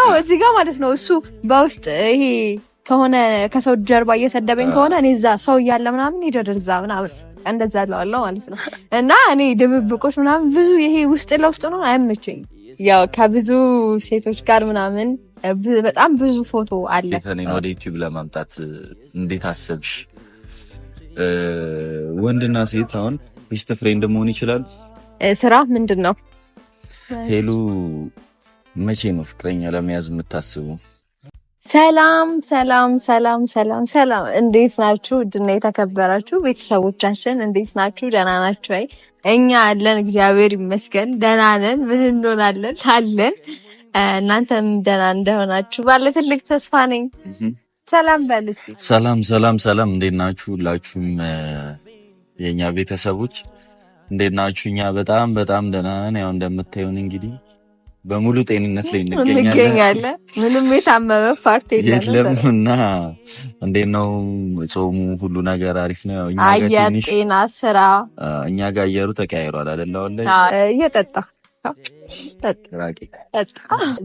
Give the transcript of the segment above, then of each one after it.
አዎ እዚህ ጋር ማለት ነው እሱ በውስጥ ይሄ ከሆነ ከሰው ጀርባ እየሰደበኝ ከሆነ እኔ እዛ ሰው እያለ ምናምን ይደርድ እዛ ምናምን እንደዛ ያለዋለው ማለት ነው። እና እኔ ድብብቆች ምናምን ብዙ ይሄ ውስጥ ለውስጥ ነው አይመቸኝ። ያው ከብዙ ሴቶች ጋር ምናምን በጣም ብዙ ፎቶ አለ። ቤተኔን ወደ ዩቲዩብ ለማምጣት እንዴት አሰብሽ? ወንድና ሴት አሁን ቤስት ፍሬንድ መሆን ይችላል። ስራ ምንድን ነው ሄሉ መቼ ነው ፍቅረኛ ለመያዝ የምታስቡ ሰላም ሰላም ሰላም ሰላም ሰላም፣ እንዴት ናችሁ? ድና የተከበራችሁ ቤተሰቦቻችን እንዴት ናችሁ? ደህና ናችሁ ወይ? እኛ አለን፣ እግዚአብሔር ይመስገን ደህና ነን። ምን እንሆናለን አለን። እናንተም ደህና እንደሆናችሁ ባለ ትልቅ ተስፋ ነኝ። ሰላም በል እስኪ። ሰላም ሰላም ሰላም፣ እንዴት ናችሁ? ሁላችሁም የእኛ ቤተሰቦች እንዴት ናችሁ? እኛ በጣም በጣም ደህና ነን። ያው እንደምታዩን እንግዲህ በሙሉ ጤንነት ላይ እንገኛለን። ምንም የታመመ ፓርት የለም እና እንዴት ነው ጾሙ? ሁሉ ነገር አሪፍ ነው? አየር፣ ጤና፣ ስራ እኛ ጋር አየሩ ተቀያይሯል አይደል? እየጠጣ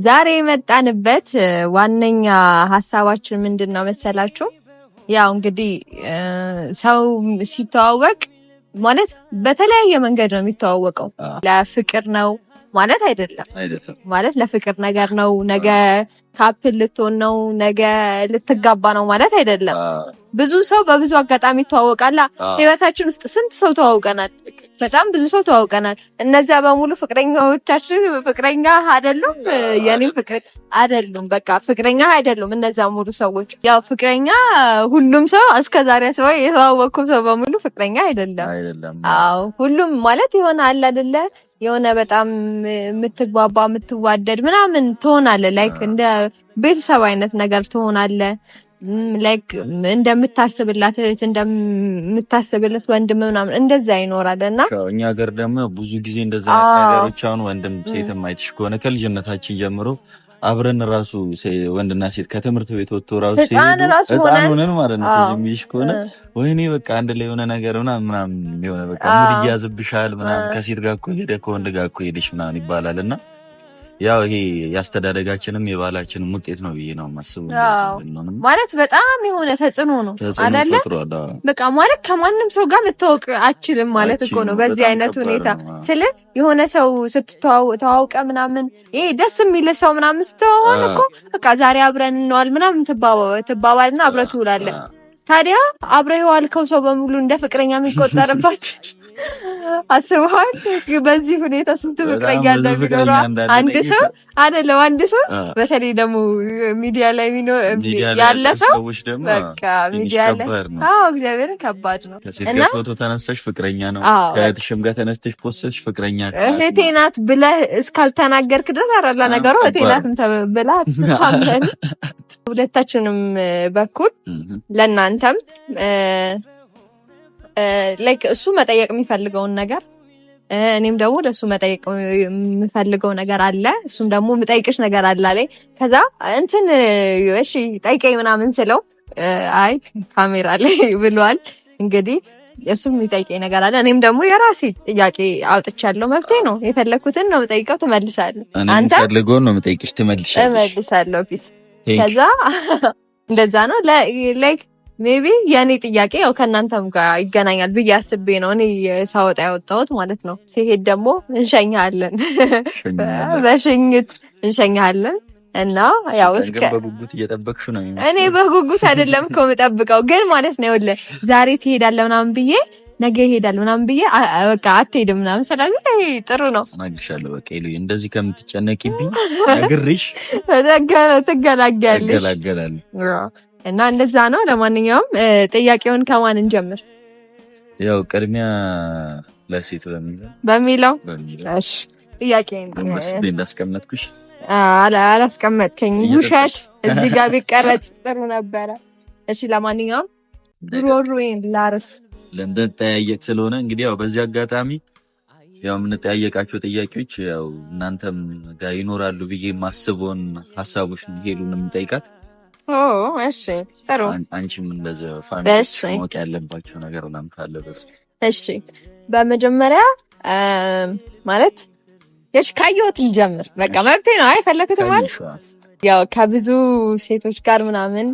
ዛሬ የመጣንበት ዋነኛ ሀሳባችን ምንድን ነው መሰላችሁ? ያው እንግዲህ ሰው ሲተዋወቅ ማለት በተለያየ መንገድ ነው የሚተዋወቀው። ለፍቅር ነው ማለት አይደለም። ማለት ለፍቅር ነገር ነው ነገ ካፕል ልትሆን ነው ነገ ልትጋባ ነው ማለት አይደለም። ብዙ ሰው በብዙ አጋጣሚ ተዋወቃላ። ህይወታችን ውስጥ ስንት ሰው ተዋውቀናል፣ በጣም ብዙ ሰው ተዋውቀናል። እነዚያ በሙሉ ፍቅረኛዎቻችን ፍቅረኛ አይደሉም፣ የኔም ፍቅር አይደሉም፣ በቃ ፍቅረኛ አይደሉም። እነዚያ ሙሉ ሰዎች ያው ፍቅረኛ ሁሉም ሰው እስከዛሬ ሰው የተዋወቅኩ ሰው በሙሉ ፍቅረኛ አይደለም። አዎ ሁሉም ማለት የሆነ አለ አይደለ የሆነ በጣም የምትግባባ የምትዋደድ ምናምን ትሆናለ ላይክ እንደ ቤተሰብ አይነት ነገር ትሆናለ። ላይክ እንደምታስብላት እህት እንደምታስብለት ወንድም ምናምን እንደዛ ይኖራል እና እኛ ሀገር ደግሞ ብዙ ጊዜ እንደዛ ነገሮች አሁን ወንድም ሴትም አይተሽ ከሆነ ከልጅነታችን ጀምሮ አብረን ራሱ ወንድና ሴት ከትምህርት ቤት ወጥቶ ራሱ ህፃን ሆነን ማለት ነው የሚልሽ ከሆነ ወይኔ በቃ አንድ ላይ የሆነ ነገር ምናምን የሆነ በቃ ሙድ እያዝብሻል ምናምን ከሴት ጋር እኮ ሄደ ከወንድ ጋር እኮ ሄደሽ ምናምን ይባላል እና ያው ይሄ ያስተዳደጋችንም የባህላችንም ውጤት ነው ብዬ ነው የማስበው። ማለት በጣም የሆነ ተጽዕኖ ነው አዳለ በቃ ማለት ከማንም ሰው ጋር ልታወቅ አችልም ማለት እኮ ነው በዚህ አይነት ሁኔታ ስለ የሆነ ሰው ስትተዋውቀ ምናምን ይሄ ደስ የሚል ሰው ምናምን ስትተዋወቅ እኮ በቃ ዛሬ አብረን እንዋል ምናምን ትባባልና አብረህ ትውላለህ። ታዲያ አብረህ የዋልከው ሰው በሙሉ እንደ ፍቅረኛ የሚቆጠርባት አስበሃል? በዚህ ሁኔታ ስንት ፍቅረኛ አለ ቢኖራ አንድ ሰው አይደለም፣ አንድ ሰው በተለይ ደግሞ ሚዲያ ላይ ያለ ሰው በቃ ሚዲያ ላይ አዎ፣ እግዚአብሔርን ከባድ ነው። እና ፎቶ ተነስተሽ ፍቅረኛ ነው፣ ከእህትሽም ጋር ተነስተሽ ፖስተሽ ፍቅረኛ እህቴ ናት ብለህ እስካልተናገርክ ድረስ አራላ ነገሩ እህቴ ናት ብላ ሁለታችንም በኩል ለእናንተም ላይክ እሱ መጠየቅ የሚፈልገውን ነገር እኔም ደግሞ ለእሱ መጠየቅ የምፈልገው ነገር አለ፣ እሱም ደግሞ የምጠይቅሽ ነገር አለ ላይ ከዛ እንትን እሺ ጠይቀኝ ምናምን ስለው አይ ካሜራ ላይ ብሏል። እንግዲህ እሱም የሚጠይቀኝ ነገር አለ፣ እኔም ደግሞ የራሴ ጥያቄ አውጥቻለሁ። መብቴ ነው፣ የፈለግኩትን ነው የምጠይቀው፣ ትመልሳለሁ። አንተ ፈልጎን ነው የምጠይቅሽ፣ ትመልሳለሁ ፊት ከዛ እንደዛ ነው ላይክ ሜቢ የእኔ ጥያቄ ያው ከእናንተም ጋር ይገናኛል ብዬ አስቤ ነው እኔ ሳወጣ ያወጣሁት ማለት ነው። ሲሄድ ደግሞ እንሸኛለን፣ በሽኝት እንሸኛለን እና ያው እስከ በጉጉት እየጠበቅሽ ነው። እኔ በጉጉት አይደለም እኮ የምጠብቀው ግን ማለት ነው። ይኸውልህ ዛሬ ትሄዳለህ ምናምን ብዬ ነገ ይሄዳል ምናምን ብዬ በቃ አትሄድም ምናምን። ስለዚህ ጥሩ ነው ማግሻለሁ። በቃ ሉ እንደዚህ ከምትጨነቂብኝ ነግሬሽ ትገላገልሽ እና እንደዛ ነው። ለማንኛውም ጥያቄውን ከማን እንጀምር? ያው ቅድሚያ ለሴት በሚለው እሺ። ጥያቄ እንዳስቀመጥኩሽ አላስቀመጥከኝ። ውሸት እዚህ ጋር ቢቀረጽ ጥሩ ነበረ። እሺ፣ ለማንኛውም ጉሮሮዬን ላርስ ልንጠያየቅ ስለሆነ እንግዲህ ያው በዚህ አጋጣሚ ያው የምንጠያየቃቸው ጥያቄዎች ያው እናንተም ጋር ይኖራሉ ብዬ ማስበውን ሀሳቦች ሄሉን የምንጠይቃት። እሺ ጥሩ። አንቺም እንደዚ ፋሚሊ ማወቅ ያለባቸው ነገር ምናምን ካለ በሱ። እሺ በመጀመሪያ ማለት ሽ ካየሁት ልጀምር። በቃ መብቴ ነው። አይ ፈለኩትም ያው ከብዙ ሴቶች ጋር ምናምን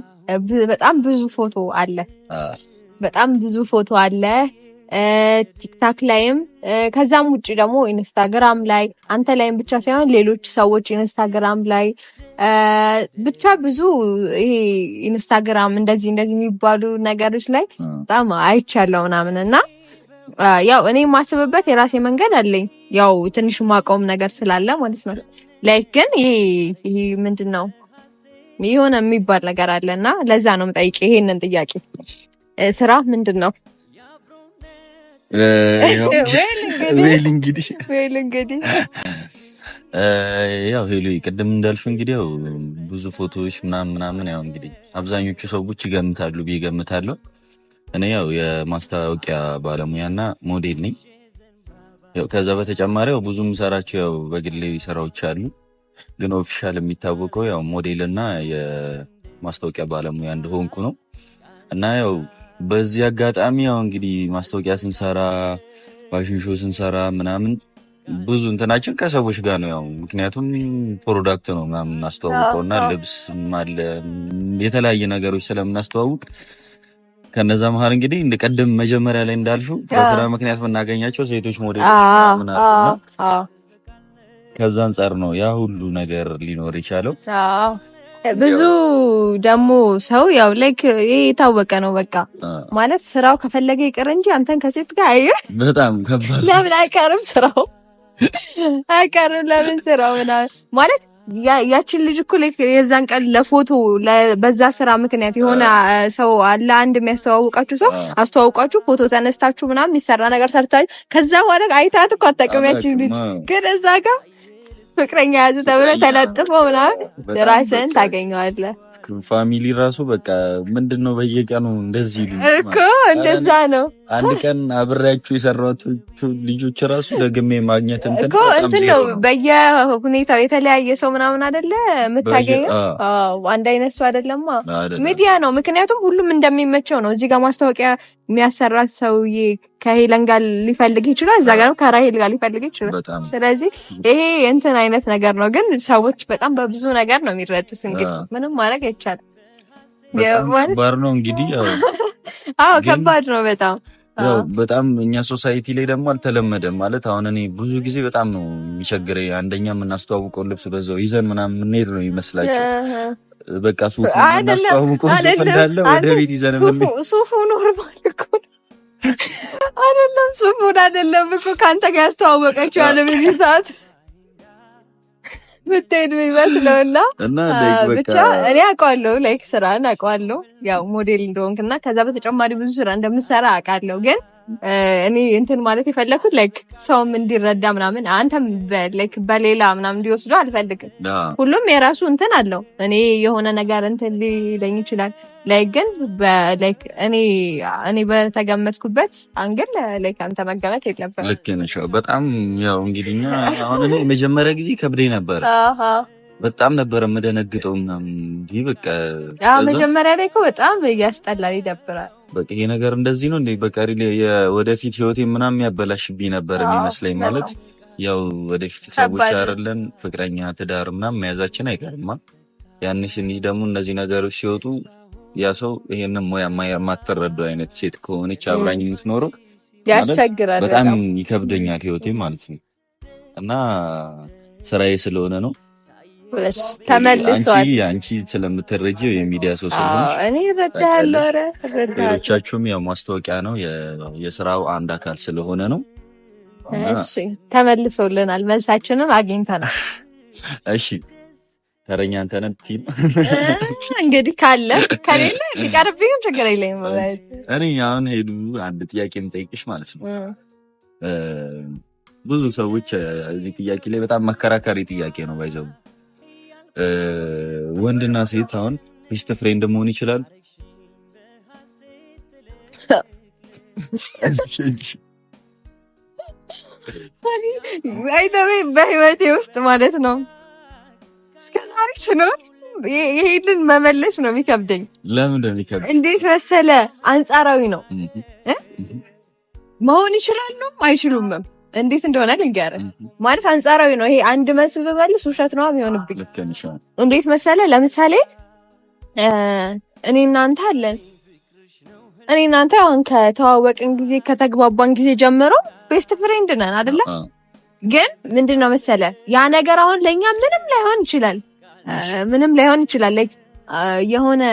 በጣም ብዙ ፎቶ አለ በጣም ብዙ ፎቶ አለ ቲክታክ ላይም ከዛም ውጭ ደግሞ ኢንስታግራም ላይ አንተ ላይም ብቻ ሳይሆን ሌሎች ሰዎች ኢንስታግራም ላይ ብቻ ብዙ ይሄ ኢንስታግራም እንደዚህ እንደዚህ የሚባሉ ነገሮች ላይ በጣም አይቻለው ምናምን እና ያው እኔ የማስብበት የራሴ መንገድ አለኝ። ያው ትንሽ ማቆም ነገር ስላለ ማለት ነው። ላይክ ግን ይሄ ምንድን ነው የሆነ የሚባል ነገር አለ እና ለዛ ነው የምጠይቅ ይሄንን ጥያቄ ስራ ምንድን ነው? ዌል እንግዲህ ያው ሄሎ ቅድም እንዳልሹ እንግዲህ ያው ብዙ ፎቶዎች ምናምን ምናምን ያው እንግዲህ አብዛኞቹ ሰዎች ይገምታሉ ብዬ ገምታለሁ። እኔ ያው የማስታወቂያ ባለሙያና ሞዴል ነኝ። ያው ከዛ በተጨማሪ ያው ብዙ የምሰራቸው ያው በግሌ ስራዎች አሉ፣ ግን ኦፊሻል የሚታወቀው ያው ሞዴልና የማስታወቂያ ባለሙያ እንደሆንኩ ነው እና ያው በዚህ አጋጣሚ ያው እንግዲህ ማስታወቂያ ስንሰራ ፋሽን ሾው ስንሰራ ምናምን ብዙ እንትናችን ከሰዎች ጋር ነው። ያው ምክንያቱም ፕሮዳክት ነው ምናምን እናስተዋውቀው እና ልብስ አለ የተለያየ ነገሮች ስለምናስተዋውቅ ከነዛ መሀል እንግዲህ ቀደም መጀመሪያ ላይ እንዳልሹ በስራ ምክንያት የምናገኛቸው ሴቶች ሞዴሎች ከዛ አንጻር ነው ያ ሁሉ ነገር ሊኖር የቻለው። ብዙ ደግሞ ሰው ያው ላይክ ይሄ የታወቀ ነው። በቃ ማለት ስራው ከፈለገ ይቅር እንጂ አንተን ከሴት ጋር አየ በጣም ከባድ። ለምን አይቀርም ስራው አይቀርም። ለምን ስራው ማለት ያችን ልጅ እኮ የዛን ቀን ለፎቶ በዛ ስራ ምክንያት የሆነ ሰው አለ አንድ የሚያስተዋውቃችሁ ሰው አስተዋውቃችሁ ፎቶ ተነስታችሁ ምናምን የሚሰራ ነገር ሰርታችሁ ከዛ በኋላ አይታት እኮ አታውቅም ያችን ልጅ ግን እዛ ጋር ፍቅረኛ ያዝ ተብለ ተለጥፎ ምናምን ራስህን ታገኘዋለህ። ፋሚሊ ራሱ በቃ ምንድን ነው በየቀኑ እንደዚህ ልጅ እኮ እንደዛ ነው። አንድ ቀን አብሬያችሁ የሰራቶቹ ልጆች ራሱ ደግሜ ማግኘት እንትን እኮ እንትን ነው። በየሁኔታው የተለያየ ሰው ምናምን አደለ የምታገኘው፣ አንድ አይነት ሰው አደለማ። ሚዲያ ነው ምክንያቱም ሁሉም እንደሚመቸው ነው። እዚህ ጋር ማስታወቂያ የሚያሰራት ሰውዬ ከሄለን ጋር ሊፈልግ ይችላል። እዛ ጋር ከራሄል ጋር ሊፈልግ ይችላል። ስለዚህ ይሄ እንትን አይነት ነገር ነው። ግን ሰዎች በጣም በብዙ ነገር ነው የሚረዱት። እንግዲህ ምንም ማድረግ አይቻልም። ባር ነው እንግዲህ። አዎ ከባድ ነው በጣም ያው በጣም እኛ ሶሳይቲ ላይ ደግሞ አልተለመደም። ማለት አሁን እኔ ብዙ ጊዜ በጣም ነው የሚቸግረኝ። አንደኛ የምናስተዋውቀው ልብስ በዛው ይዘን ምናምን የምንሄድ ነው ይመስላቸው በቃ ሱፉ እናስተዋውቀው እንዳለ ወደ ቤት ይዘን ሱፉ ኖርማል እኮ አይደለም፣ ሱፉን አይደለም እኮ ከአንተ ጋር ያስተዋወቀችው አለ በዚህ ምትሄድ ይመስለውና እና ብቻ እኔ አውቀዋለሁ፣ ላይክ ስራን አውቀዋለሁ፣ ያው ሞዴል እንደሆንክና ከዛ በተጨማሪ ብዙ ስራ እንደምሰራ አውቃለሁ ግን እኔ እንትን ማለት የፈለግኩት ላይክ ሰውም እንዲረዳ ምናምን አንተም ላይክ በሌላ ምናምን እንዲወስዶ አልፈልግም። ሁሉም የራሱ እንትን አለው። እኔ የሆነ ነገር እንትን ሊለኝ ይችላል። ላይ ግን እኔ እኔ በተገመትኩበት አንግል ላይክ አንተ መገመት የለበትም። ልክ ነሽ። በጣም ያው እንግዲህ እኛ አሁን እኔ የመጀመሪያ ጊዜ ከብዴ ነበር። በጣም ነበረ የምደነግጠው ምናምን። ይህ በቃ መጀመሪያ ላይ እኮ በጣም ያስጠላል፣ ይደብራል በቃ ይሄ ነገር እንደዚህ ነው እንዴ? በቃ ወደፊት ህይወቴ ምናምን የሚያበላሽብኝ ነበር የሚመስለኝ። ማለት ያው ወደፊት ሰዎች አይደለን ፍቅረኛ፣ ትዳር ምናምን መያዛችን አይቀርማ። ያን ስንይዝ ደግሞ እነዚህ ነገሮች ሲወጡ ያ ሰው ይሄንን ሙያ የማትረዳው አይነት ሴት ከሆነች አብራኝ የምትኖረው ያስቸግራል። በጣም ይከብደኛል ህይወቴ ማለት ነው እና ስራዬ ስለሆነ ነው ተመልሷል። አንቺ ስለምትረጂው የሚዲያ ሰው ስለሆንሽ እኔ እረዳለሁ። ኧረ እረዳለሁ። ሌሎቻችሁም ያው ማስታወቂያ ነው የስራው አንድ አካል ስለሆነ ነው። እሺ ተመልሶልናል፣ መልሳችንን አግኝተናል። እሺ ተረኛ አንተነህ ቲም እንግዲህ ካለ ከሌለ ሊቀርብም ችግር የለኝም። እኔ አሁን ሄዱ አንድ ጥያቄ የምጠይቅሽ ማለት ነው። ብዙ ሰዎች እዚህ ጥያቄ ላይ በጣም መከራከሪ ጥያቄ ነው ባይዘው ወንድና ሴት አሁን ቤስት ፍሬንድ መሆን ይችላል። በህይወቴ ውስጥ ማለት ነው እስከዛሬ ስኖር ይሄንን መመለስ ነው የሚከብደኝ። ለምን ነው እንዴት መሰለ አንጻራዊ ነው። መሆን ይችላሉም አይችሉምም እንዴት እንደሆነ ልንገር ማለት አንጻራዊ ነው። ይሄ አንድ መልስ ብመልስ ውሸት ነው የሚሆንብኝ። እንዴት መሰለ፣ ለምሳሌ እኔ እናንተ አለን። እኔ እናንተ አሁን ከተዋወቅን ጊዜ ከተግባባን ጊዜ ጀምሮ ቤስት ፍሬንድ ነን አደለ? ግን ምንድን ነው መሰለ፣ ያ ነገር አሁን ለእኛ ምንም ላይሆን ይችላል፣ ምንም ላይሆን ይችላል። የሆነ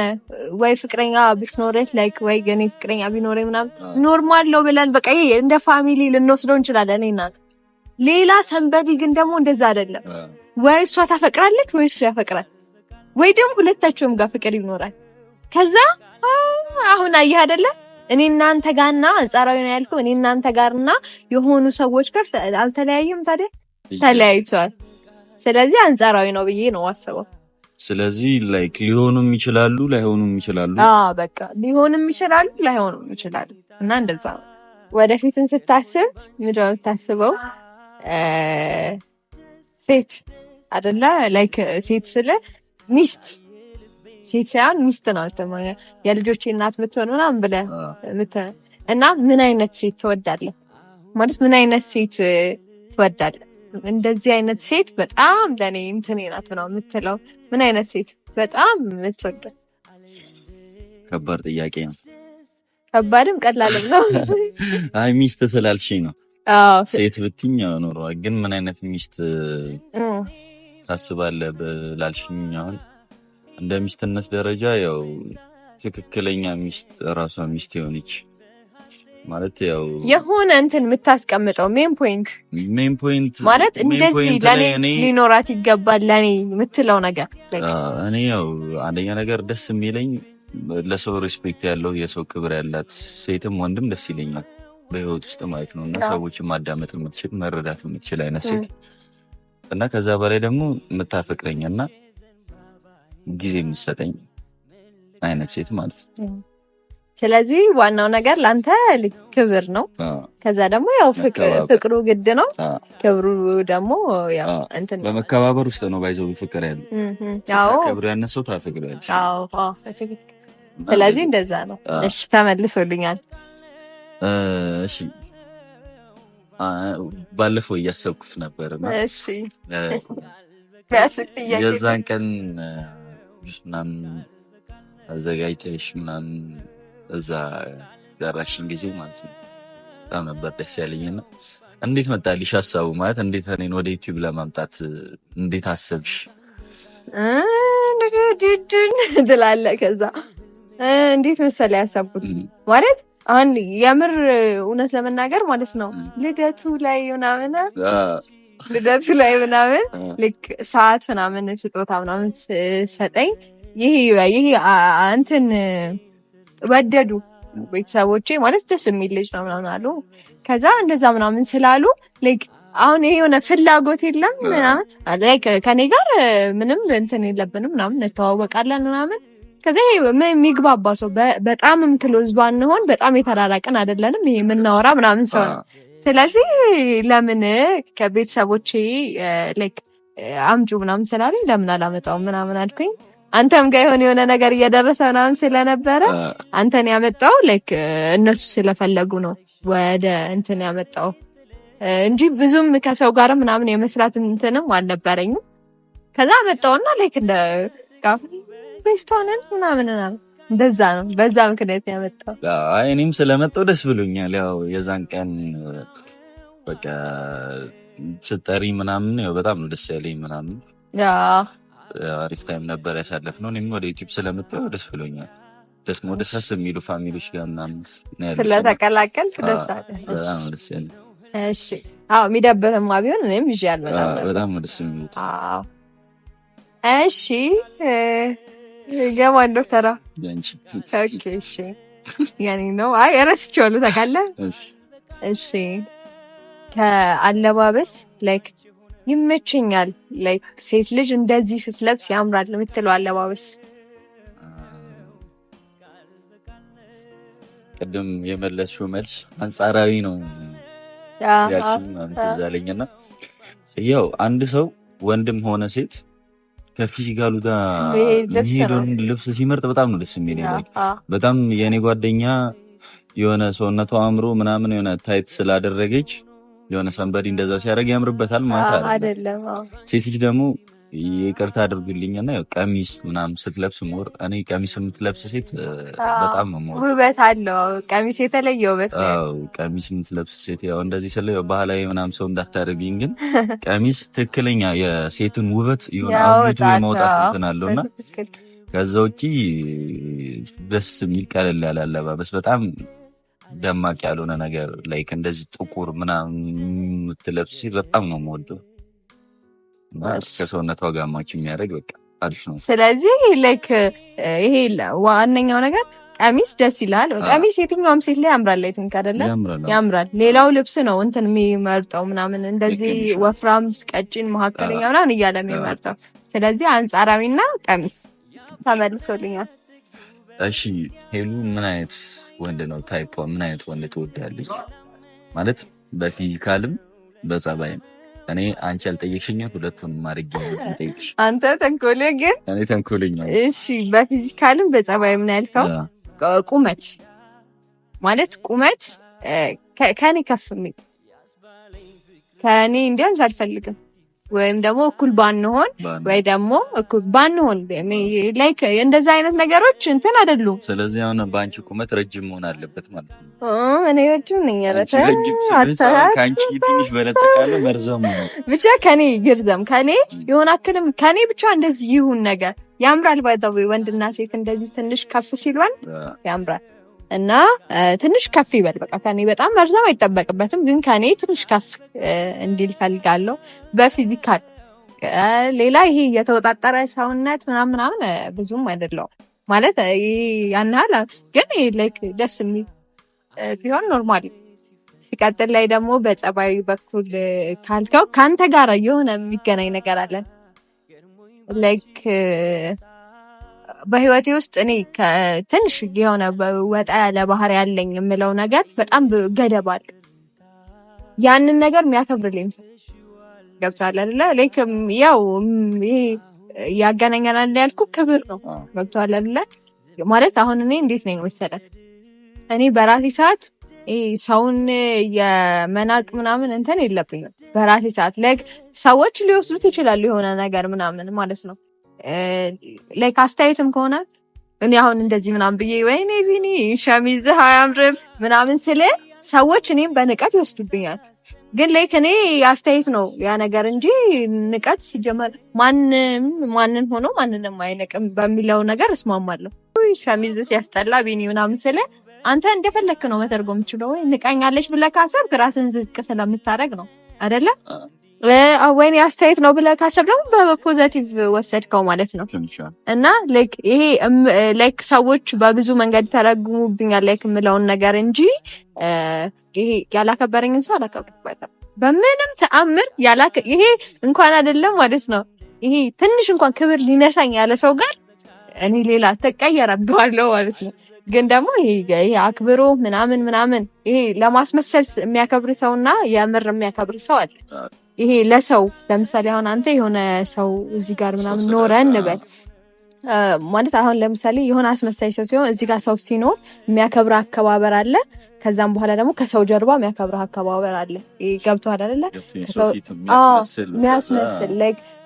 ወይ ፍቅረኛ ብትኖረች ላይክ ወይ ገኔ ፍቅረኛ ቢኖረ ምናምን ኖርማል ነው ብለን በቃ እንደ ፋሚሊ ልንወስደው እንችላለን። ናት ሌላ ሰንበዲ ግን ደግሞ እንደዛ አይደለም። ወይ እሷ ታፈቅራለች ወይ እሱ ያፈቅራል ወይ ደግሞ ሁለታቸውም ጋር ፍቅር ይኖራል። ከዛ አሁን አየህ አይደለ እኔ እናንተ ጋርና አንጻራዊ ነው ያልኩ እኔ እናንተ ጋርና የሆኑ ሰዎች ጋር አልተለያየም። ታዲያ ተለያይቷል። ስለዚህ አንጻራዊ ነው ብዬ ነው አስበው። ስለዚህ ላይክ ሊሆኑም ይችላሉ ላይሆኑም ይችላሉ። በቃ ሊሆኑም ይችላሉ ላይሆኑም ይችላሉ። እና እንደዛ ነው። ወደፊትን ስታስብ ምድ የምታስበው? ሴት አደለ? ላይክ ሴት ስለ ሚስት ሴት ሳይሆን ሚስት ነው የልጆቼ እናት ብትሆን ምናምን ብለ እና ምን አይነት ሴት ትወዳለ? ማለት ምን አይነት ሴት ትወዳለ? እንደዚህ አይነት ሴት በጣም ለእኔ እንትን ናት ነው የምትለው። ምን አይነት ሴት በጣም የምትወደ? ከባድ ጥያቄ ነው። ከባድም ቀላልም ነው። አይ ሚስት ስላልሽ ነው። ሴት ብትኝ ኖሮ ግን ምን አይነት ሚስት ታስባለህ ብላልሽኝ አሁን እንደ ሚስትነት ደረጃ ያው ትክክለኛ ሚስት ራሷ ሚስት የሆነች ማለት ያው የሆነ እንትን የምታስቀምጠው ሜን ፖይንት ሜን ፖይንት ማለት እንደዚህ ለኔ ሊኖራት ይገባል ለኔ የምትለው ነገር። እኔ ያው አንደኛ ነገር ደስ የሚለኝ ለሰው ሪስፔክት ያለው የሰው ክብር ያላት ሴትም ወንድም ደስ ይለኛል በህይወት ውስጥ ማለት ነው። እና ሰዎች ማዳመጥ የምትችል መረዳት የምትችል አይነት ሴት እና ከዛ በላይ ደግሞ የምታፈቅረኝ እና ጊዜ የምትሰጠኝ አይነት ሴት ማለት ነው። ስለዚህ ዋናው ነገር ለአንተ ክብር ነው። ከዛ ደግሞ ያው ፍቅሩ ግድ ነው። ክብሩ ደግሞ በመከባበር ውስጥ ነው ባይዘው ፍቅር ያለ ክብር ያነሰው ታፍቅር ስለዚህ እንደዛ ነው። እሺ ተመልሶልኛል። እሺ ባለፈው እያሰብኩት ነበር የዛን ቀን ምናምን አዘጋጅተሽ ምናምን እዛ ያራሽን ጊዜ ማለት ነው በጣም ነበር ደስ ያለኝና እንዴት መጣልሽ ሀሳቡ? ማለት እንዴት እኔን ወደ ዩቲዩብ ለማምጣት እንዴት አሰብሽ? ድድን ትላለህ። ከዛ እንዴት መሰለህ ያሰብኩት ማለት አሁን የምር እውነት ለመናገር ማለት ነው ልደቱ ላይ ምናምን ልደቱ ላይ ምናምን ልክ ሰዓት ምናምን ስጦታ ምናምን ሰጠኝ። ይህ ይህ እንትን ወደዱ ቤተሰቦቼ ማለት ደስ የሚል ልጅ ነው ምናምን አሉ። ከዛ እንደዛ ምናምን ስላሉ አሁን ይሄ የሆነ ፍላጎት የለም ምናምን ከኔ ጋር ምንም እንትን የለብንም ምናምን እንተዋወቃለን ምናምን ከዚ የሚግባባ ሰው በጣም ክሎዝ ባንሆን በጣም የተራራቀን አይደለንም። ይሄ የምናወራ ምናምን ሰው ነው። ስለዚህ ለምን ከቤተሰቦቼ አምጩ ምናምን ስላለኝ ለምን አላመጣውም ምናምን አልኩኝ። አንተም ጋር የሆነ የሆነ ነገር እየደረሰ ምናምን ስለነበረ አንተን ያመጣው ላይክ እነሱ ስለፈለጉ ነው ወደ እንትን ያመጣው እንጂ ብዙም ከሰው ጋር ምናምን የመስራት እንትንም አልነበረኝም። ከዛ መጣውና ላይክ እንደ ቤስቶንን ምናምን እንደዛ ነው። በዛ ምክንያት ያመጣው። እኔም ስለመጣው ደስ ብሎኛል። ያው የዛን ቀን በቃ ስጠሪ ምናምን በጣም ደስ ያለኝ ምናምን አሪፍ ታይም ነበር ያሳለፍነው። እኔም ወደ ዩቲዩብ ስለመጣሁ ደስ ብሎኛል። ደግሞ ደሳስ የሚሉ ፋሚሊዎች ጋር ምናምን ስለተቀላቀል ደስ አለ። እሺ አዎ፣ የሚደብርማ ቢሆን እኔም ይዤ አልመጣም። በጣም ደስ የሚሉት እሺ። ገማን ዶክተራ እሺ፣ ያኔ ነው። አይ እረስቼዋለሁ ታውቃለህ። እሺ ከአለባበስ ላይክ ይመቸኛል። ላይክ ሴት ልጅ እንደዚህ ስትለብስ ያምራል የምትለው አለባበስ ቅድም የመለስሽው መልስ አንጻራዊ ነው ያልሽኝ ትዝ አለኝና ያው አንድ ሰው ወንድም ሆነ ሴት ከፊዚካሉ ጋር የሚሄደውን ልብስ ሲመርጥ በጣም ነው ደስ የሚል። በጣም የእኔ ጓደኛ የሆነ ሰውነቷ አእምሮ ምናምን የሆነ ታይት ስላደረገች የሆነ ሰንበዲ እንደዛ ሲያደርግ ያምርበታል ማለት አይደለም። ሴት ልጅ ደግሞ ይቅርታ አድርጉልኝ አድርጉልኝና ቀሚስ ምናምን ስትለብስ ሞር እኔ ቀሚስ የምትለብስ ሴት በጣም ውበት አለው። ቀሚስ የተለየ ውበት ቀሚስ የምትለብስ ሴት ያው እንደዚህ ስለ ባህላዊ ምናምን ሰው እንዳታደርግኝ፣ ግን ቀሚስ ትክክለኛ የሴትን ውበት የሆነ አብቱ የማውጣት እንትን አለው እና ከዛ ውጭ ደስ የሚል ቀለል ያለ አለባበስ በጣም ደማቅ ያልሆነ ነገር ላይክ እንደዚህ ጥቁር ምናምን የምትለብስ በጣም ነው የምወደው። ከሰውነት ጋር ማች የሚያደርግ በቃ አሪፍ ነው። ስለዚህ ላይክ ይሄ ዋነኛው ነገር ቀሚስ ደስ ይላል። ቀሚስ የትኛውም ሴት ላይ ያምራል፣ ላይ ትንክ አደለ ያምራል። ሌላው ልብስ ነው እንትን የሚመርጠው ምናምን እንደዚህ ወፍራም፣ ቀጭን፣ መካከለኛ ምናምን እያለ የሚመርጠው። ስለዚህ አንጻራዊና ቀሚስ ተመልሶልኛል። እሺ ሄሉ ምን አይነት ወንድ ነው ታይፖ? ምን አይነት ወንድ ትወዳለች? ማለት በፊዚካልም በጸባይም እኔ አንቺ ያልጠየቅሽኝ ሁለቱን ማድረግ ጠይቅሽ። አንተ ተንኮሌ ግን እኔ ተንኮለኛ። እሺ፣ በፊዚካልም በጸባይም ነው ያልከው። ቁመት ማለት ቁመት ከእኔ ከፍ የሚል ከእኔ እንዲያንስ አልፈልግም። ወይም ደግሞ እኩል ባንሆን ወይ ደግሞ እኩል ባንሆን ላይክ እንደዚህ አይነት ነገሮች እንትን አይደሉም። ስለዚህ አሁን በአንቺ ቁመት ረጅም መሆን አለበት ማለት ነው። እኔ ረጅም ነኝ። መርዘም ብቻ ከኔ ግርዘም ከኔ የሆነ አክልም ከኔ ብቻ እንደዚህ ይሁን ነገር ያምራል። ባይዛዊ ወንድና ሴት እንደዚህ ትንሽ ከፍ ሲሏል ያምራል። እና ትንሽ ከፍ ይበል። በቃ ከኔ በጣም መርዘም አይጠበቅበትም፣ ግን ከኔ ትንሽ ከፍ እንዲል ፈልጋለሁ በፊዚካል ሌላ ይሄ የተወጣጠረ ሰውነት ምናምን ምናምን ብዙም አይደለው ማለት ያን ግን ላይክ ደስ የሚል ቢሆን ኖርማል። ሲቀጥል ላይ ደግሞ በጸባዩ በኩል ካልከው ከአንተ ጋር የሆነ የሚገናኝ ነገር አለን ላይክ በህይወቴ ውስጥ እኔ ትንሽ የሆነ ወጣ ያለ ባህር ያለኝ የምለው ነገር በጣም ገደብ አለ። ያንን ነገር የሚያከብርልኝ ሰው ገብቷል አይደለ? ላይክ ያው ይሄ ያገናኘናል ያልኩ ክብር ነው። ገብቷል አይደለ? ማለት አሁን እኔ እንዴት ነኝ መሰለህ፣ እኔ በራሴ ሰዓት ሰውን የመናቅ ምናምን እንትን የለብኝም። በራሴ ሰዓት ለግ ሰዎች ሊወስዱት ይችላሉ የሆነ ነገር ምናምን ማለት ነው ላይክ አስተያየትም ከሆነ እኔ አሁን እንደዚህ ምናምን ብዬ ወይኔ ቢኒ ሸሚዝህ አያምርም ምናምን ስል ሰዎች እኔም በንቀት ይወስዱብኛል። ግን ላይክ እኔ አስተያየት ነው ያ ነገር እንጂ ንቀት ሲጀመር ማንም ማንን ሆኖ ማንንም አይንቅም በሚለው ነገር እስማማለሁ። ሸሚዝ ሲያስጠላ ቢኒ ምናምን ስል አንተ እንደፈለክ ነው መተርጎም ችሎ ወይ ንቀኛለች ብለህ ካሰብክ ራስን ዝቅ ስለምታደርግ ነው አይደለ? ወይኔ አስተያየት ነው ብለህ ካሰብ ደግሞ በፖዘቲቭ ወሰድከው ማለት ነው። እና ይሄ ሰዎች በብዙ መንገድ ተረጉሙብኛል ላይክ የምለውን ነገር እንጂ ይሄ ያላከበረኝን ሰው አላከብርበትም በምንም ተአምር። ይሄ እንኳን አይደለም ማለት ነው ይሄ ትንሽ እንኳን ክብር ሊነሳኝ ያለ ሰው ጋር እኔ ሌላ ተቀየረብዋለሁ ማለት ነው። ግን ደግሞ ይሄ አክብሮ ምናምን ምናምን ይሄ ለማስመሰል የሚያከብር ሰውና የምር የሚያከብር ሰው አለ። ይሄ ለሰው ለምሳሌ አሁን አንተ የሆነ ሰው እዚህ ጋር ምናምን ኖረ እንበል ማለት አሁን ለምሳሌ የሆነ አስመሳይ ሰው ሲሆን እዚህ ጋር ሰው ሲኖር የሚያከብረ አከባበር አለ። ከዛም በኋላ ደግሞ ከሰው ጀርባ የሚያከብረ አከባበር አለ። ገብቶሃል አይደለ? የሚያስመስል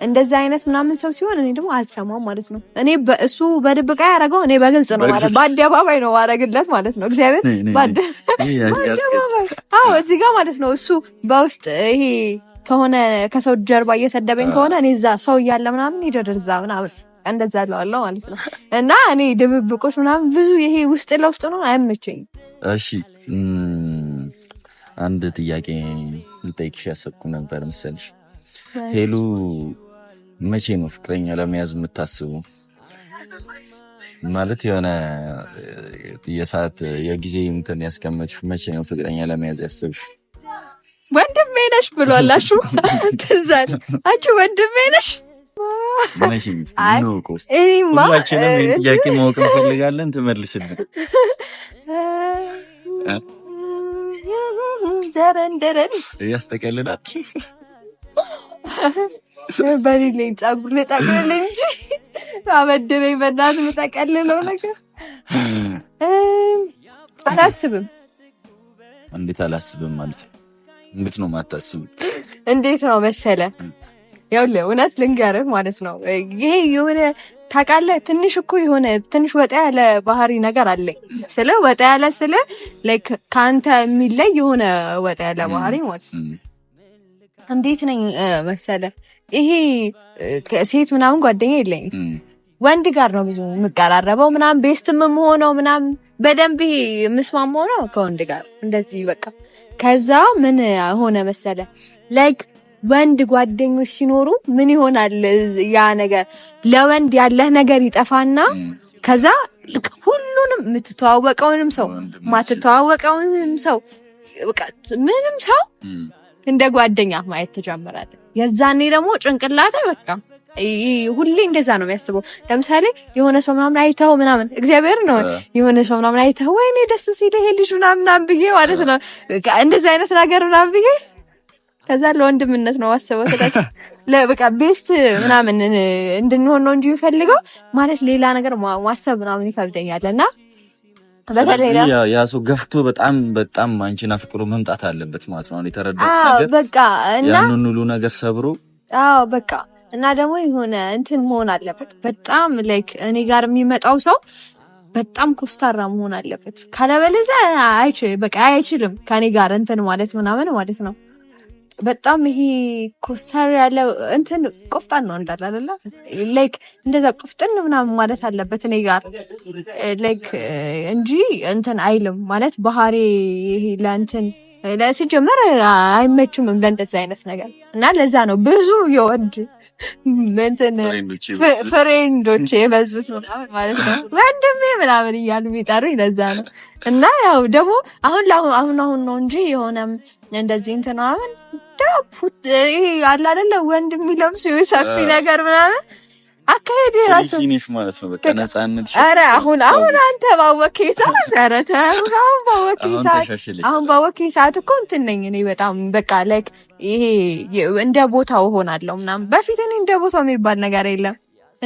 እንደዚህ አይነት ምናምን ሰው ሲሆን እኔ ደግሞ አልሰማም ማለት ነው። እኔ እሱ በድብቃ ያደረገው እኔ በግልጽ ነው ማለት በአደባባይ ነው ማድረግለት ማለት ነው። እግዚአብሔር በአደባባይ እዚህ ጋር ማለት ነው እሱ በውስጥ ይሄ ከሆነ ከሰው ጀርባ እየሰደበኝ ከሆነ እኔ እዛ ሰው እያለ ምናምን ሄደር እዛ ምናምን እንደዛ ለዋለው ማለት ነው። እና እኔ ድብብቆች ምናምን ብዙ ይሄ ውስጥ ለውስጥ ነው አይመቸኝም። እሺ አንድ ጥያቄ ልጠይቅሽ ያሰብኩ ነበር መሰልሽ። ሄሉ መቼ ነው ፍቅረኛ ለመያዝ የምታስቡ? ማለት የሆነ የሰዓት የጊዜ እንትን ያስቀመጥሽ መቼ ነው ፍቅረኛ ለመያዝ ያስብሽ? ወንድ ነሽ ብሏል። አሹ ትዝ አንቺ ወንድሜ ነሽ። ሁላችንም ይህን ጥያቄ ማወቅ እንፈልጋለን። ትመልስልን። ደረን ደረን በሌለኝ ጸጉር ልጠቅልል እንጂ አበድረኝ በእናትህ የምጠቀልለው ነገር አላስብም። እንዴት አላስብም ማለት ነው? እንዴት ነው የማታስቡት? እንዴት ነው መሰለ ያው እውነት ልንገርህ ማለት ነው ይሄ የሆነ ታውቃለህ፣ ትንሽ እኮ የሆነ ትንሽ ወጣ ያለ ባህሪ ነገር አለኝ። ስለ ወጣ ያለ ስለ ላይክ ከአንተ የሚለይ የሆነ ወጣ ያለ ባህሪ ማለት እንዴት ነኝ መሰለ ይሄ ሴት ምናምን ጓደኛ የለኝም። ወንድ ጋር ነው ብዙ የምቀራረበው ምናምን ቤስትም የምሆነው ምናምን በደንብ የምስማማው ነው ከወንድ ጋር እንደዚህ በቃ። ከዛ ምን ሆነ መሰለ ላይክ ወንድ ጓደኞች ሲኖሩ ምን ይሆናል ያ ነገር ለወንድ ያለህ ነገር ይጠፋና ከዛ ሁሉንም የምትተዋወቀውንም ሰው ማትተዋወቀውንም ሰው ምንም ሰው እንደ ጓደኛ ማየት ትጀምራለህ። የዛኔ ደግሞ ጭንቅላት በቃ ሁሌ እንደዛ ነው የሚያስበው። ለምሳሌ የሆነ ሰው ምናምን አይተው ምናምን እግዚአብሔር ነው የሆነ ሰው ምናምን አይተኸው ወይኔ ደስ ሲል ይሄ ልጅ ምናምን ብዬ ማለት ነው እንደዚህ አይነት ነገር ምናምን ብዬ ከዛ ለወንድምነት ነው አስበው ስለ በቃ ቤስት ምናምን እንድንሆን ነው እንጂ የሚፈልገው ማለት ሌላ ነገር ማሰብ ምናምን ይከብደኛል እና ያ ሰው ገፍቶ በጣም በጣም አንቺን አፍቅሮ መምጣት አለበት ማለት ነው። የተረዳሁት ነገር በቃ እና ያንን ሁሉ ነገር ሰብሮ አዎ በቃ እና ደግሞ የሆነ እንትን መሆን አለበት። በጣም ላይክ እኔ ጋር የሚመጣው ሰው በጣም ኮስታራ መሆን አለበት። ካለበለዚያ አይች በቃ አይችልም ከኔ ጋር እንትን ማለት ምናምን ማለት ነው። በጣም ይሄ ኮስታር ያለው እንትን ቆፍጣን ነው እንዳለ አይደለ? ላይክ እንደዛ ቆፍጥን ምናምን ማለት አለበት እኔ ጋር ላይክ እንጂ እንትን አይልም ማለት ባህሪ ይሄ ለእንትን ሲጀመር አይመችምም ለእንደዚህ አይነት ነገር እና ለዛ ነው ብዙ የወንድ እንትን ፍሬንዶች የበዙት ምናምን ማለት ነው። ወንድሜ ምናምን እያሉ የሚጠሩ ይለዛ ነው። እና ያው ደግሞ አሁን አሁን አሁን ነው እንጂ የሆነም እንደዚህ እንትን ምናምን ይሄ አለ አይደለ ወንድ የሚለብሱ ሰፊ ነገር ምናምን አካሄድ ራሱ ፊኒሽ ማለት ነው። በቃ ነጻነት። አረ አሁን አሁን አንተ ባወከኝ ሰዓት አረ ተው፣ አሁን ባወከኝ ሰዓት አሁን ባወከኝ ሰዓት እኮ እንትን ነኝ እኔ በጣም በቃ ላይክ ይሄ እንደ ቦታው እሆናለሁ ምናምን። በፊት እኔ እንደ ቦታው የሚባል ነገር የለም።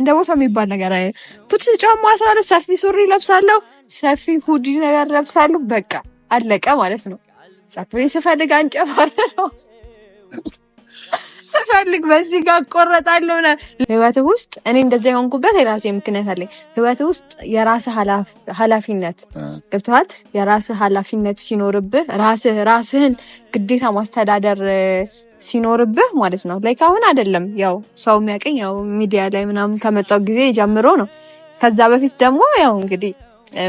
እንደ ቦታው የሚባል ነገር አይ ፑት ጫማ አስራለሁ፣ ሰፊ ሱሪ ለብሳለሁ፣ ሰፊ ሁዲ ነገር ለብሳለሁ። በቃ አለቀ ማለት ነው። ጸጥ ብዬ ስፈልግ አንጨፋር ስፈልግ በዚህ ጋር ቆረጣለሁ። ህይወት ውስጥ እኔ እንደዛ የሆንኩበት የራሴ ምክንያት አለኝ። ህይወት ውስጥ የራስ ኃላፊነት ገብተዋል። የራስ ኃላፊነት ሲኖርብህ ራስህ ራስህን ግዴታ ማስተዳደር ሲኖርብህ ማለት ነው። ላይክ አሁን አይደለም ያው ሰው የሚያቀኝ ያው ሚዲያ ላይ ምናምን ከመጣው ጊዜ ጀምሮ ነው። ከዛ በፊት ደግሞ ያው እንግዲህ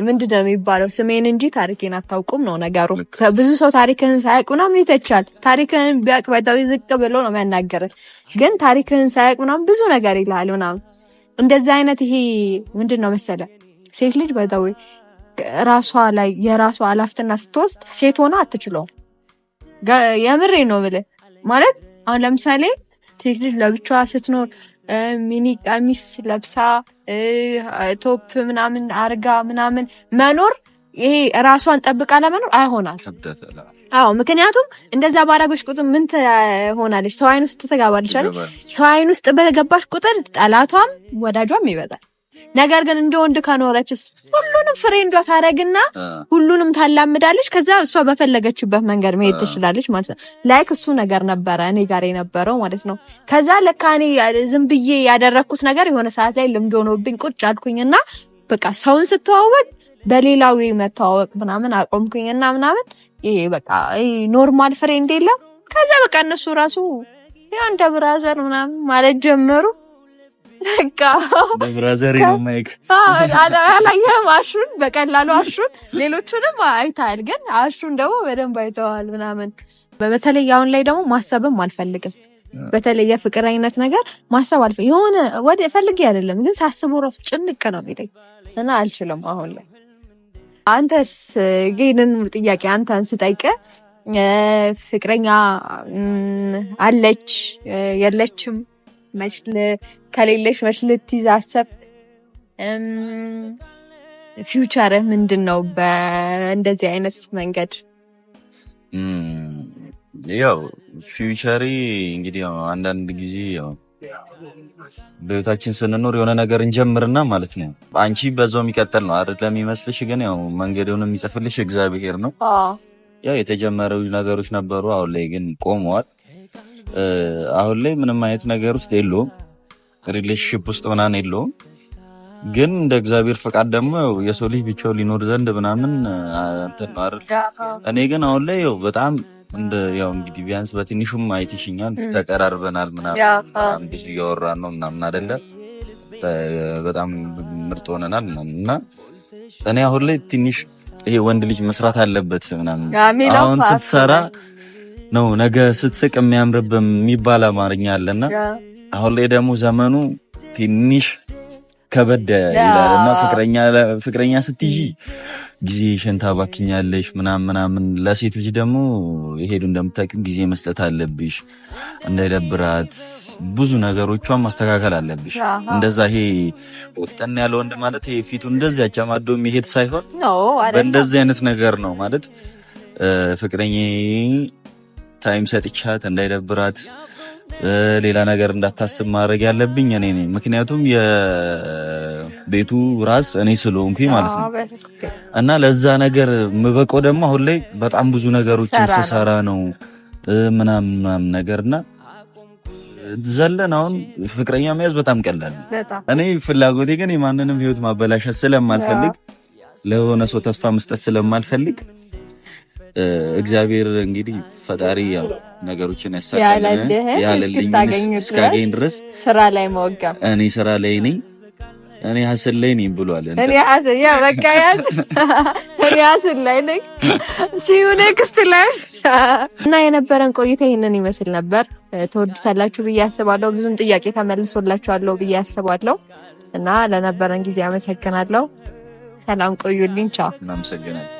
ምንድን ነው የሚባለው? ስሜን እንጂ ታሪኬን አታውቁም ነው ነገሩ። ብዙ ሰው ታሪክህን ሳያውቅ ምናምን ይተቻል። ታሪክህን ቢያውቅ በጣም ዝቅ ብሎ ነው የሚያናገርን። ግን ታሪክህን ሳያውቅ ምናምን ብዙ ነገር ይልሃል ምናምን። እንደዚህ አይነት ይሄ ምንድን ነው መሰለ ሴት ልጅ በጣም ራሷ ላይ የራሷ አላፍትና ስትወስድ ሴት ሆና አትችለውም። የምሬ ነው ብለ ማለት አሁን ለምሳሌ ሴት ልጅ ለብቻዋ ስትኖር ሚኒ ቀሚስ ለብሳ ቶፕ ምናምን አርጋ ምናምን መኖር ይሄ ራሷን ጠብቃ ለመኖር አይሆናል። አዎ ምክንያቱም እንደዛ ባረገች ቁጥር ምን ትሆናለች? ሰው አይን ውስጥ ትገባለች። ሰው አይን ውስጥ በገባች ቁጥር ጠላቷም ወዳጇም ይበዛል። ነገር ግን እንደ ወንድ ከኖረችስ ሁሉንም ፍሬንዷ ታደርግና ሁሉንም ታላምዳለች። ከዛ እሷ በፈለገችበት መንገድ መሄድ ትችላለች ማለት ነው። ላይክ እሱ ነገር ነበረ እኔ ጋር የነበረው ማለት ነው። ከዛ ለካ እኔ ዝም ብዬ ያደረግኩት ነገር የሆነ ሰዓት ላይ ልምድ ሆኖብኝ ቁጭ አልኩኝና በቃ ሰውን ስተዋወቅ በሌላዊ መተዋወቅ ምናምን አቆምኩኝና ምናምን በቃ ኖርማል ፍሬንድ የለም። ከዛ በቃ እነሱ ራሱ ያው ብራዘር ምናምን ማለት ጀመሩ። ብራዘር ነው ማይክ አላየህም? አሹን በቀላሉ አሹን ሌሎቹንም አይተሃል፣ ግን አሹን ደግሞ በደንብ አይተዋል ምናምን። በተለይ አሁን ላይ ደግሞ ማሰብም አልፈልግም። በተለይ የፍቅር አይነት ነገር ማሰብ አልፈ የሆነ ወደ ፈልጌ አይደለም፣ ግን ሳስቡ ረፍ ጭንቅ ነው የሚለኝ እና አልችልም አሁን ላይ። አንተስ ግንን ጥያቄ አንተን ስጠይቅህ ፍቅረኛ አለች የለችም መች ከሌለሽ መች ልትይዝ አሰብ ፊውቸር ምንድን ነው? በእንደዚህ አይነት መንገድ ያው ፊውቸሪ እንግዲህ አንዳንድ ጊዜ ያው በቤታችን ስንኖር የሆነ ነገር እንጀምርና ማለት ነው። አንቺ በዛው የሚቀጥል ነው አይደል የሚመስልሽ፣ ግን ያው መንገዱን የሚጽፍልሽ እግዚአብሔር ነው። ያው የተጀመረው ነገሮች ነበሩ፣ አሁን ላይ ግን ቆመዋል። አሁን ላይ ምንም አይነት ነገር ውስጥ የለውም፣ ሪሌሽንሽፕ ውስጥ ምናምን የለውም። ግን እንደ እግዚአብሔር ፈቃድ ደግሞ የሰው ልጅ ብቻው ሊኖር ዘንድ ምናምን እንትን ነው አይደል? እኔ ግን አሁን ላይ ያው በጣም እንደ ያው እንግዲህ ቢያንስ በትንሹም አይተሽኛል፣ ተቀራርበናል፣ ምናምን ብዙ እያወራን ነው ምናምን አይደለ? በጣም ምርጥ ሆነናል እና እኔ አሁን ላይ ትንሽ ይሄ ወንድ ልጅ መስራት አለበት ምናምን አሁን ስትሰራ ነው ነገ ስትስቅ የሚያምርብ የሚባል አማርኛ አለና አሁን ላይ ደግሞ ዘመኑ ትንሽ ከበደ ይላልና ፍቅረኛ ስትይ ጊዜ ሸንታ ታባክኛለሽ ምናም ምናምን። ለሴት ልጅ ደግሞ የሄዱ እንደምታውቂው ጊዜ መስጠት አለብሽ፣ እንዳይደብራት ብዙ ነገሮቿን ማስተካከል አለብሽ። እንደዛ ይሄ ወፍጠን ያለ ወንድ ማለት ይሄ ፊቱ እንደዚህ ያጨማዶ የሚሄድ ሳይሆን በእንደዚህ አይነት ነገር ነው ማለት ፍቅረኛ ታይም ሰጥቻት እንዳይደብራት ሌላ ነገር እንዳታስብ ማድረግ ያለብኝ እኔ ነኝ። ምክንያቱም የቤቱ ራስ እኔ ስለሆንኩ ማለት ነው። እና ለዛ ነገር ምበቆ ደግሞ አሁን ላይ በጣም ብዙ ነገሮችን ስሰራ ነው ምናምን ምናምን ነገር እና ዘለን አሁን ፍቅረኛ መያዝ በጣም ቀላል እኔ ፍላጎቴ ግን የማንንም ህይወት ማበላሸት ስለማልፈልግ ለሆነ ሰው ተስፋ መስጠት ስለማልፈልግ እግዚአብሔር እንግዲህ ፈጣሪ ያው ነገሮችን ያሳቀልን ያለልኝ እስካገኝ ድረስ ስራ ላይ መወጋም እኔ ስራ ላይ ነኝ፣ እኔ ሀስል ላይ ነኝ ብሏል። በቃ ያዝ እኔ ሀስል ላይ ነኝ ሲዩኔ ክስት ላይ እና የነበረን ቆይታ ይህንን ይመስል ነበር። ተወዱታላችሁ ብዬ አስባለሁ። ብዙም ጥያቄ ተመልሶላችኋለሁ ብዬ አስባለሁ እና ለነበረን ጊዜ አመሰግናለሁ። ሰላም ቆዩልኝ። ቻው። እናመሰግናለን።